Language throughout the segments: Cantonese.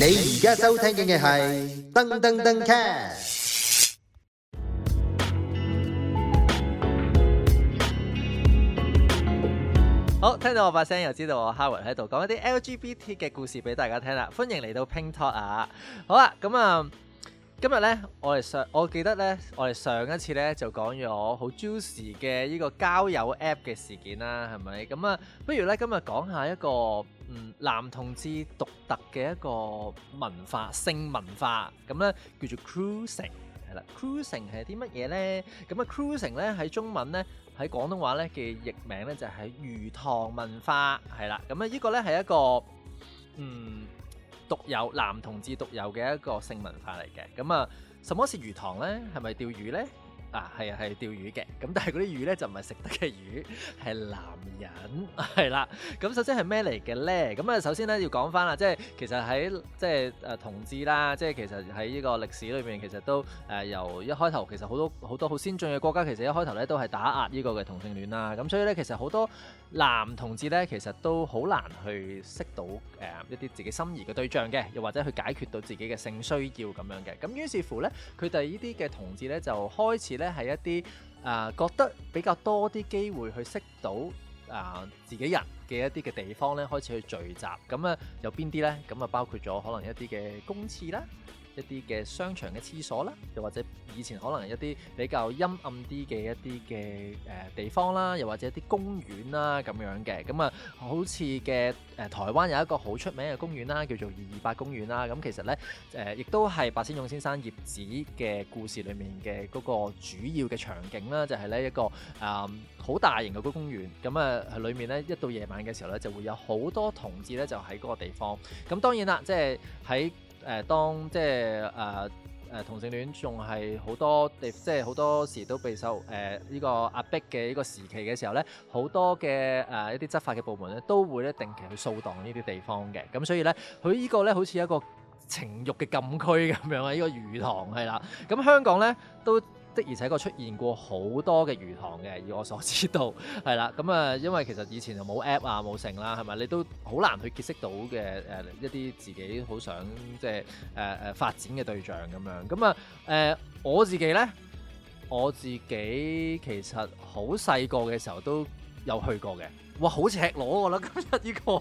你而家收聽緊嘅係噔噔噔 cast，好聽到我把聲又知道我哈維喺度講一啲 LGBT 嘅故事俾大家聽啦，歡迎嚟到 Ping Talk 啊，好啦咁啊。今日咧，我哋上，我記得咧，我哋上一次咧就講咗好 juicy 嘅呢個交友 app 嘅事件啦，係咪？咁啊，不如咧今日講下一個嗯男同志獨特嘅一個文化，性文化，咁咧叫做 cruising，係啦，cruising 係啲乜嘢咧？咁啊 cruising 咧喺中文咧，喺廣東話咧嘅譯名咧就係、是、魚塘文化，係啦。咁啊呢個咧係一個嗯。獨有男同志獨有嘅一個性文化嚟嘅，咁啊，什麼是魚塘呢？係咪釣魚呢？啊，係啊，係釣魚嘅，咁但係嗰啲魚咧就唔係食得嘅魚，係男人，係啦。咁首先係咩嚟嘅咧？咁啊，首先咧要講翻啦，即係其實喺即係誒同志啦，即係其實喺呢個歷史裏面，其實都誒由一開頭其實好多好多好先進嘅國家，其實一開頭咧都係打壓呢個嘅同性戀啦。咁所以咧，其實好多男同志咧，其實都好難去識到誒一啲自己心儀嘅對象嘅，又或者去解決到自己嘅性需要咁樣嘅。咁於是乎咧，佢哋呢啲嘅同志咧就開始。咧係一啲啊、呃、覺得比較多啲機會去識到啊、呃、自己人嘅一啲嘅地方咧，開始去聚集咁啊，有邊啲咧？咁啊，包括咗可能一啲嘅公廁啦。一啲嘅商場嘅廁所啦，又或者以前可能一啲比較陰暗啲嘅一啲嘅誒地方啦，又或者一啲公園啦咁樣嘅，咁啊好似嘅誒台灣有一個好出名嘅公園啦，叫做二二八公園啦，咁、嗯、其實咧誒、呃、亦都係白先勇先生葉子嘅故事裏面嘅嗰個主要嘅場景啦，就係、是、呢一個誒好、嗯、大型嘅嗰個公園，咁啊喺裡面咧一到夜晚嘅時候咧就會有好多同志咧就喺嗰個地方，咁、嗯、當然啦，即係喺。誒、呃、當即係誒誒同性戀仲係好多地，即係好多時都備受誒呢、呃這個壓迫嘅呢個時期嘅時候咧，好多嘅誒、呃、一啲執法嘅部門咧，都會咧定期去掃蕩呢啲地方嘅。咁所以咧，佢呢個咧好似一個情慾嘅禁區咁樣啊，呢個魚塘係啦。咁香港咧都。而且個出現過好多嘅魚塘嘅，以我所知道，係啦，咁啊，因為其實以前就冇 app 啊，冇成啦，係咪？你都好難去結識到嘅誒，一啲自己好想即係誒誒發展嘅對象咁樣。咁啊誒，我自己呢，我自己其實好細個嘅時候都有去過嘅。哇，好赤裸嘅啦！我覺得今日呢、這個，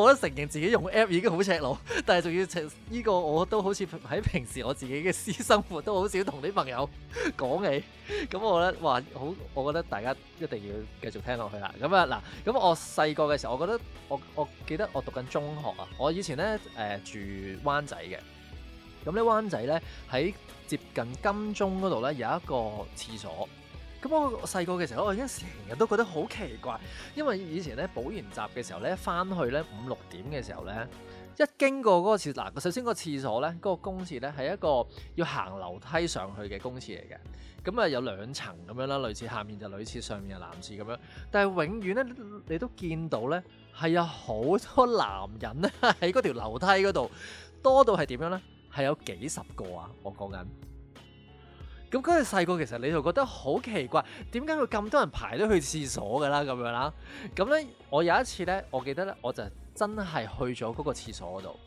我都承認自己用 app 已經好赤裸，但係仲要赤呢、這個，我都好似喺平時我自己嘅私生活都好少同啲朋友講起。咁我覺得，哇，好！我覺得大家一定要繼續聽落去啦。咁啊，嗱，咁我細個嘅時候，我覺得我我記得我讀緊中學啊，我以前咧誒、呃、住灣仔嘅。咁咧，灣仔咧喺接近金鐘嗰度咧，有一個廁所。咁我細個嘅時候，我已經成日都覺得好奇怪，因為以前咧補完習嘅時候咧，翻去咧五六點嘅時候咧，一經過嗰個廁，嗱首先個廁所咧，嗰個公廁咧係一個要行樓梯上去嘅公廁嚟嘅，咁啊有兩層咁樣啦，類似下面就類似上面嘅男廁咁樣，但係永遠咧你都見到咧係有好多男人咧喺嗰條樓梯嗰度，多到係點樣咧？係有幾十個啊！我講緊。咁嗰陣細個其實你就覺得好奇怪，點解會咁多人排咗去廁所㗎啦？咁樣啦，咁咧我有一次咧，我記得咧，我就真係去咗嗰個廁所度，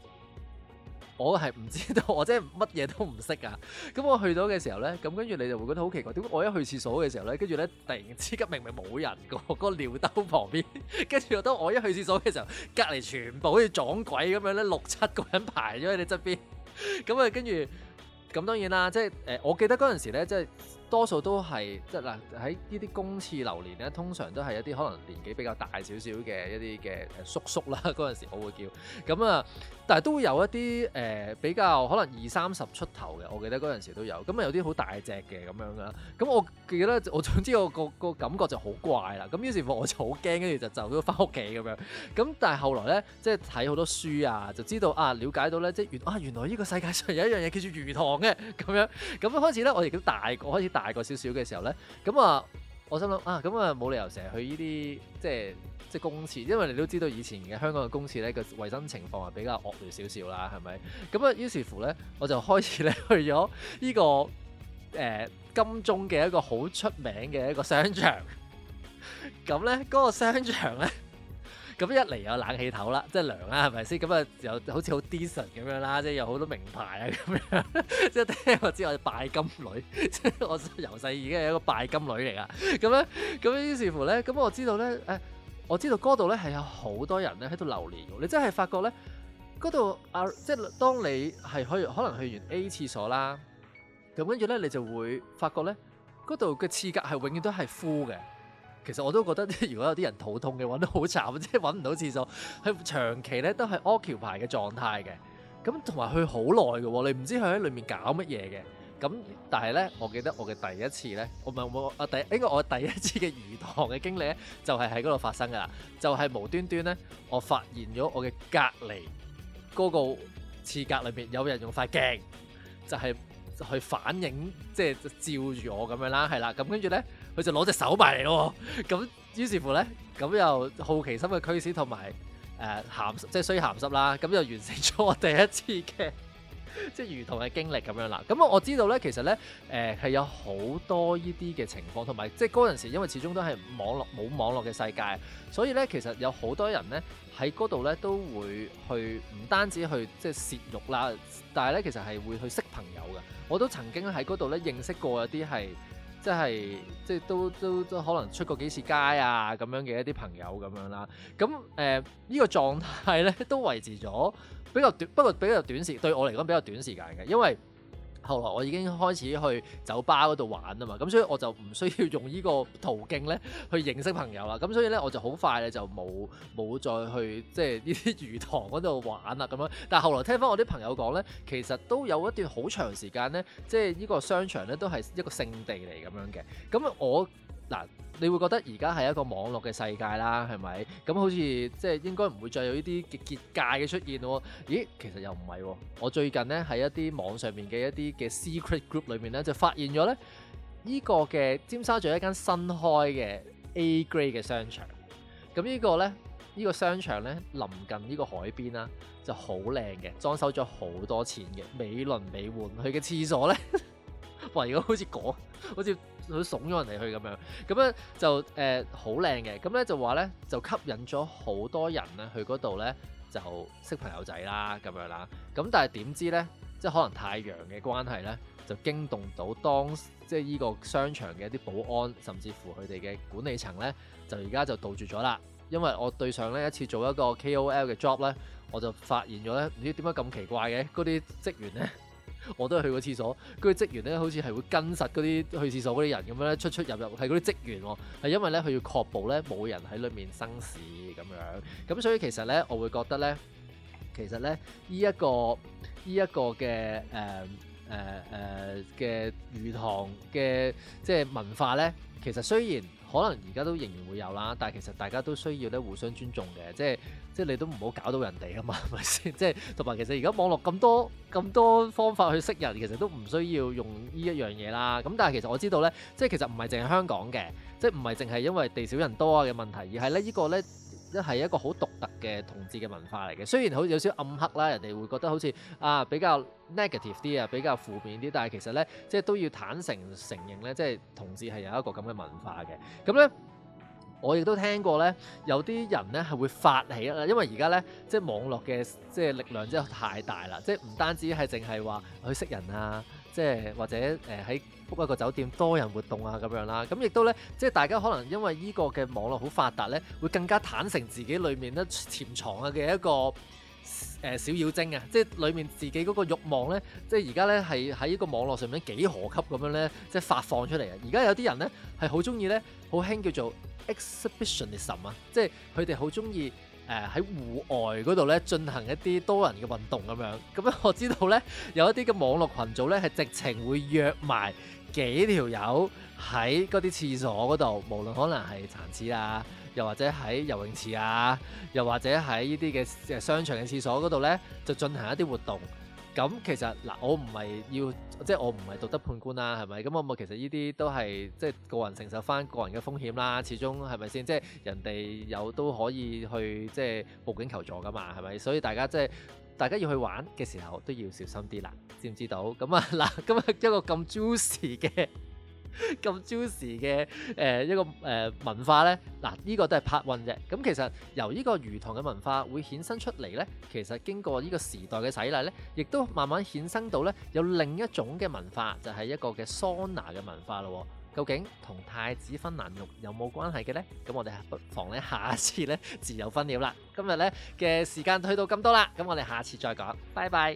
我係唔知道或者乜嘢都唔識啊。咁我去到嘅時候咧，咁跟住你就會覺得好奇怪。點解我一去廁所嘅時候咧，跟住咧突然之間明明冇人，個尿兜旁邊，跟住我覺得我一去廁所嘅時候，隔離全部好似撞鬼咁樣咧，六七個人排咗喺你側邊，咁啊跟住。咁當然啦，即係誒，我記得嗰陣時咧，即係。多數都係即係嗱喺呢啲公廁流連咧，通常都係一啲可能年紀比較大少少嘅一啲嘅叔叔啦，嗰陣時我會叫咁啊，但係都會有一啲誒、呃、比較可能二三十出頭嘅，我記得嗰陣時都有咁啊，有啲好大隻嘅咁樣啦。咁我記得我總之我個個感覺就好怪啦。咁於是乎我就好驚，跟住就就要翻屋企咁樣。咁但係後來咧，即係睇好多書啊，就知道啊，了解到咧即係原啊原來呢個世界上有一樣嘢叫做魚塘嘅咁樣。咁開始咧，我亦都大個開始大。大個少少嘅時候咧，咁啊、嗯，我心諗啊，咁啊冇理由成日去呢啲即係即係公廁，因為你都知道以前嘅香港嘅公廁咧，個衞生情況係比較惡劣少少啦，係咪？咁啊於是乎咧，我就開始咧去咗呢、呢個誒、呃、金鐘嘅一個好出名嘅一個商場。咁咧，嗰、嗰個商場咧。咁一嚟有冷氣頭啦，即係涼啦，係咪先？咁啊，又好似好 decent 咁樣啦，即係有好多名牌啊咁樣。即係聽我知我係拜金女，即係我由細已經係一個拜金女嚟㗎。咁咧，咁於是乎咧，咁我知道咧，誒，我知道嗰度咧係有好多人咧喺度流連嘅。你真係發覺咧，嗰度啊，即係當你係可以可能去完 A 廁所啦，咁跟住咧你就會發覺咧，嗰度嘅廁格係永遠都係 full 嘅。其實我都覺得，如果有啲人肚痛嘅話都好慘，即係揾唔到廁所，佢長期咧都係屙橋牌嘅狀態嘅。咁同埋佢好耐嘅喎，你唔知佢喺裏面搞乜嘢嘅。咁但係咧，我記得我嘅第一次咧，我唔係我我第應該我第一次嘅魚塘嘅經歷咧，就係喺嗰度發生噶啦，就係、是、無端端咧，我發現咗我嘅隔離嗰個廁隔裏邊有人用塊鏡，就係、是。去反映即係照住我咁樣啦，係啦，咁跟住咧佢就攞隻手埋嚟咯，咁於是乎咧咁又好奇心嘅驅使同埋誒鹹即係衰鹹濕啦，咁又完成咗我第一次嘅。即係如同嘅經歷咁樣啦，咁我我知道咧，其實咧，誒、呃、係有好多依啲嘅情況，同埋即係嗰陣時，因為始終都係網絡冇網絡嘅世界，所以咧，其實有好多人咧喺嗰度咧都會去唔單止去即係泄欲啦，但係咧其實係會去識朋友嘅，我都曾經喺嗰度咧認識過有啲係。即係即係都都都可能出過幾次街啊，咁樣嘅一啲朋友咁樣啦，咁誒、呃、這個、呢個狀態咧都維持咗比較短，不過比較短時對我嚟講比較短時間嘅，因為。後來我已經開始去酒吧嗰度玩啊嘛，咁所以我就唔需要用呢個途徑咧去認識朋友啦。咁所以咧，我就好快咧就冇冇再去即係呢啲魚塘嗰度玩啦咁樣。但係後來聽翻我啲朋友講咧，其實都有一段好長時間咧，即係呢個商場咧都係一個聖地嚟咁樣嘅。咁我。嗱，你會覺得而家係一個網絡嘅世界啦，係咪？咁好似即係應該唔會再有呢啲嘅結界嘅出現喎？咦，其實又唔係喎！我最近咧喺一啲網上面嘅一啲嘅 secret group 裏面咧，就發現咗咧呢個嘅尖沙咀一間新開嘅 A grade 嘅商場。咁呢個咧，呢個商場咧臨近呢個海邊啦，就好靚嘅，裝修咗好多錢嘅，美輪美奐。佢嘅廁所咧， 哇！如果好似講好似～佢慫咗人哋去咁樣，咁樣就誒好靚嘅，咁、呃、咧就話咧就吸引咗好多人咧去嗰度咧就識朋友仔啦咁樣啦，咁但係點知咧，即係可能太陽嘅關係咧就驚動到當即係依個商場嘅一啲保安，甚至乎佢哋嘅管理層咧就而家就杜絕咗啦，因為我對上咧一次做一個 KOL 嘅 job 咧，我就發現咗咧唔知點解咁奇怪嘅嗰啲職員咧。我都係去過廁所，跟住嗰啲職員咧，好似係會跟實嗰啲去廁所嗰啲人咁樣咧，出出入入係嗰啲職員喎，係因為咧佢要確保咧冇人喺裏面生事咁樣，咁所以其實咧，我會覺得咧，其實咧呢一個呢一個嘅誒誒誒嘅魚塘嘅即係文化咧，其實雖然。可能而家都仍然會有啦，但係其實大家都需要咧互相尊重嘅，即係即係你都唔好搞到人哋啊嘛，係咪先？即係同埋其實而家網絡咁多咁多方法去識人，其實都唔需要用呢一樣嘢啦。咁但係其實我知道咧，即係其實唔係淨係香港嘅，即係唔係淨係因為地少人多啊嘅問題，而係咧呢個咧。即係一個好獨特嘅同志嘅文化嚟嘅，雖然好似有少暗黑啦，人哋會覺得好似啊比較 negative 啲啊，比較負面啲，但係其實咧，即係都要坦誠承認咧，即係同志係有一個咁嘅文化嘅。咁咧，我亦都聽過咧，有啲人咧係會發起啊，因為而家咧，即係網絡嘅即係力量真係太大啦，即係唔單止係淨係話去識人啊。即係或者誒喺 book 一個酒店多人活動啊咁樣啦，咁亦都咧，即係大家可能因為依個嘅網絡好發達咧，會更加坦誠自己裏面咧潛藏啊嘅一個誒、呃、小妖精啊，即係裏面自己嗰個慾望咧，即係而家咧係喺呢個網絡上面幾何級咁樣咧，即係發放出嚟啊！而家有啲人咧係好中意咧，好興叫做 exhibitionism 啊，即係佢哋好中意。誒喺、呃、戶外嗰度咧進行一啲多人嘅運動咁樣，咁樣我知道咧有一啲嘅網絡群組咧係直情會約埋幾條友喺嗰啲廁所嗰度，無論可能係殘廁啊，又或者喺游泳池啊，又或者喺呢啲嘅誒商場嘅廁所嗰度咧就進行一啲活動。咁其實嗱，我唔係要，即係我唔係道德判官啦，係咪？咁我咪其實呢啲都係即係個人承受返個人嘅風險啦，始終係咪先？即係人哋有都可以去即係報警求助㗎嘛，係咪？所以大家即係大家要去玩嘅時候都要小心啲啦，知唔知道？咁啊嗱，今日一個咁 juicy 嘅。咁朝時嘅誒一個誒、呃、文化呢，嗱呢、這個都係拍運啫。咁其實由呢個魚塘嘅文化會衍生出嚟呢，其實經過呢個時代嘅洗禮呢，亦都慢慢衍生到呢，有另一種嘅文化，就係、是、一個嘅桑拿嘅文化咯。究竟同太子芬蘭浴有冇關係嘅呢？咁我哋不妨呢，下次呢，自有分曉啦。今日呢嘅時間去到咁多啦，咁我哋下次再講，拜拜。